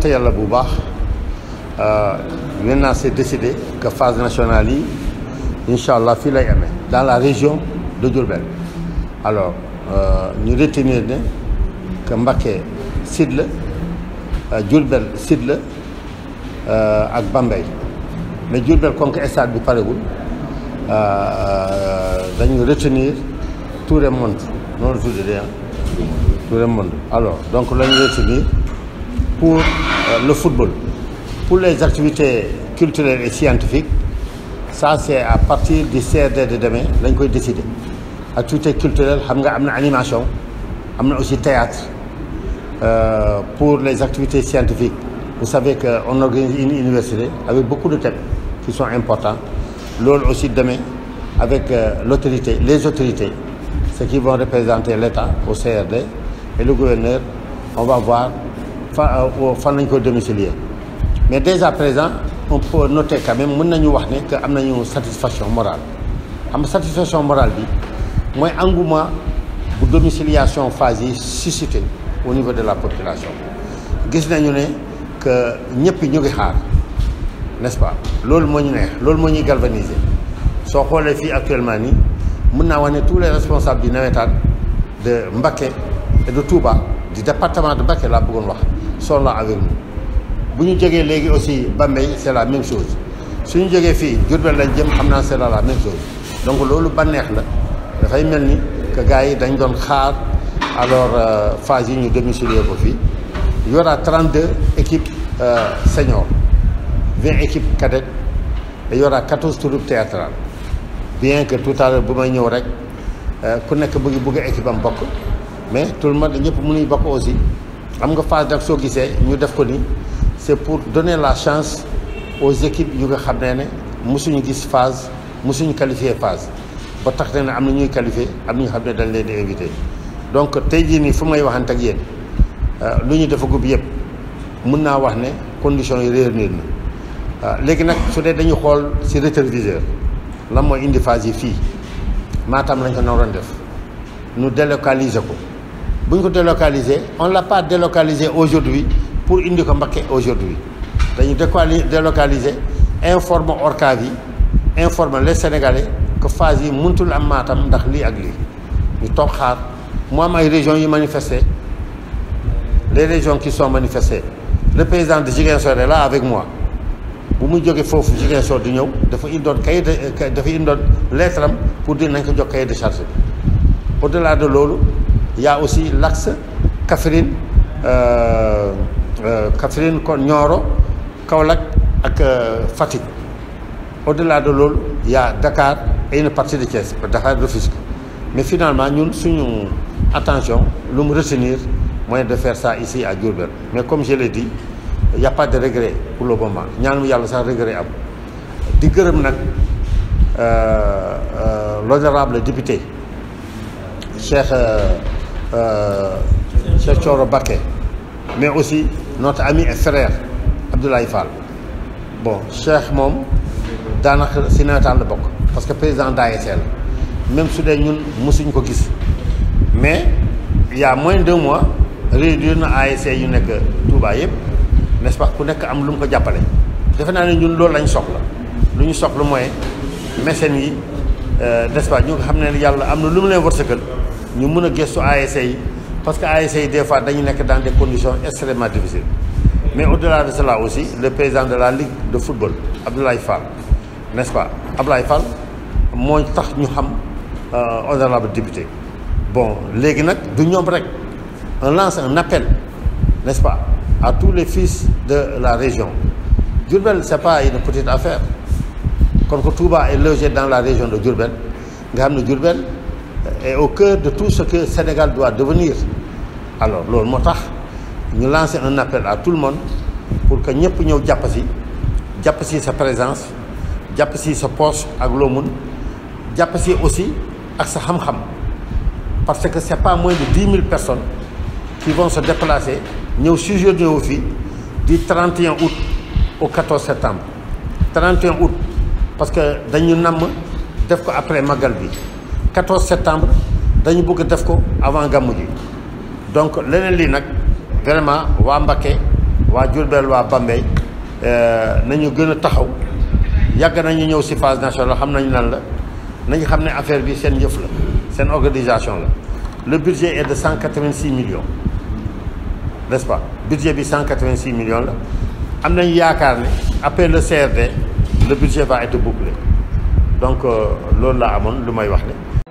sant yàlla bu baax euh, maintenant c'est décidé que phase nationale yi incha allah fii lay dans la région de Diourbel alors euh, ñu euh, retenir ne que Mbacké sud la euh, Diourbel sud la ak Bambey mais Diourbel comme que stade parewul dañu retenir tout le monde noonu la tuddee tout le monde alors Euh, le football. Pour les activités culturelles et scientifiques, ça c'est à partir du CRD de demain lañ koy décider activité culturelle xam nga am na animation am na aussi théâtre euh, pour les activités scientifiques vous savez que on organise une université avec beaucoup de thèmes qui sont importants loolu aussi demain avec euh, l'autorité les autorités ceux qui vont représenter l'État au CRD et le gouverneur on va voir fa euh, fan nañ ko domicilier mais dès à présent on peut noter quand même mën nañu wax ne que am nañu satisfaction morale am satisfaction morale bi mooy engouement bu domiciliation phase yi suscité au niveau de la population gis nañu ne que ñëpp ñu ngi xaar n'est-ce pas loolu moo ñu loolu moo ñuy galvaniser soo xoolee fii actuellement nii mun naa wax ne tous les responsables du nawetaan de Mbacké et de Touba di département de Mbacké laa bëggoon wax sont là avec bu ñu jógee léegi aussi ba c' est la même chose suñu ñu jógee fii Diourbel lañ jëm xam naa c' la la chose donc loolu bànneex la dafay mel ni que gars yi dañ doon xaar alors euh, phase yi ñu domicilier ko fii y aura 32 équipes euh, seniors 20 équipes cadettes et y aura 14 bien que tout à l'heure bu may ñëw rek euh, ku nekk bëgg bëgg équipe am bokk mais tout le monde ñëpp mënuñ bokk aussi am nga phase nag soo gisee ñu def ko ni c'est pour donner la chance aux équipes yu nga xam ne ne mosuñu gis phase mosuñu qualifier phase ba tax na am na ñuy qualifier am na ñu xam ne dañ leen di invité donc tey jii nii fu may waxante ak yéen euh, lu ñu defagub yëpp mun naa wax ne conditions yi réunir na euh, léegi nag su dee dañu xool si rétroviseur lan mooy indi phase yi fii maatam lañ ko naroon def ñu délocaliser ko. bu ñu ko délocalisé on l'a pas délocalisé aujourd'hui pour indi ko Mbacké aujourd'hui dañu décali délocaliser informe ORCAV yi informe les Sénégalais que phase yi muntul am maatam ndax lii ak lii ñu toog xaar mu am ay régions yi manifester les région qui sont manifester le président de Ziguinchor est là avec moi bu mu jógee foofu Ziguinchor di ñëw dafa indoon cahier de dafa indoon lettre pour di nañ ko jox cahier de charge bi au de loolu yaa y a aussi l'axe Kaffrine euh, euh, Kaffrine kon Nioro Kaolack ak euh, Fatick au de loolu il y a Dakar et une partie de Thiès Dakar Rufisque mais finalement ñun suñu attention lu mu retenir mooy de faire ça ici à Diourbel mais comme je l'ai dit il y de regret pour le moment ñaan mu yàlla sax regret am di gërëm nag l'honorable député Cheikh Euh, Cheikh Thioro Bakke mais aussi notre ami et frère Abdoulaye Fall bon Cheikh moom daanaka si nawetaan la bokk parce que président d'ASC la même su dee ñun mosuñ ko gis mais yaa y a moins de deux mois réduire na ASC yu nekk Touba yëpp nest ku nekk am lu mu ko jàppale defe naa ne ñun loolu lañ soxla lu ñu soxla mooy mécènes yi euh, n'est-ce pas ñu nga xam ne yàlla am na lu mu leen wërsëgal ñu mën a gëstu ASC yi parce que ASC yi des fois dañu nekk dans des conditions extrêmement difficiles mais au-delà de cela aussi le président de la ligue de football Abdoulaye Fall n'est-ce pas Abdoulaye Fall moo tax ñu xam euh, honorable député bon léegi nag du ñoom rek on lance un appel n'est-ce pas à tous les fils de la région Diourbel c'est pas une petite affaire kon ko Touba est logé dans la région de Diourbel nga xam ne Diourbel est au cœur de tout ce que Sénégal doit devenir alors loolu moo tax ñu lancer un appel à tout le monde pour que ñëpp ñëw jàpp si jàpp si sa présence jàpp si sa poche ak loo mun jàpp si aussi ak sa xam-xam parce que c'est pas moins de dix mille personnes qui vont se déplacer ñëw sujet ñëw fii du 31 août au 14 septembre 31 août parce que dañu namm def ko après magale bi 14 septembre dañu bëgg def ko avant gàmmu gi donc leneen lii nag vraiment waa Mbakke waa Diourbel waa Bambey euh, nañu gën a taxaw yàgg nañu ñëw si phase nationale xam nañu lan la nañu xam ne affaire bi seen yëf la seen organisation la le budget est de 186 millions n'est-ce pas budget bi 186 millions la am nañu yaakaar ne après le CRD le budget va être bouclé donc euh, loolu laa amoon lu may wax ne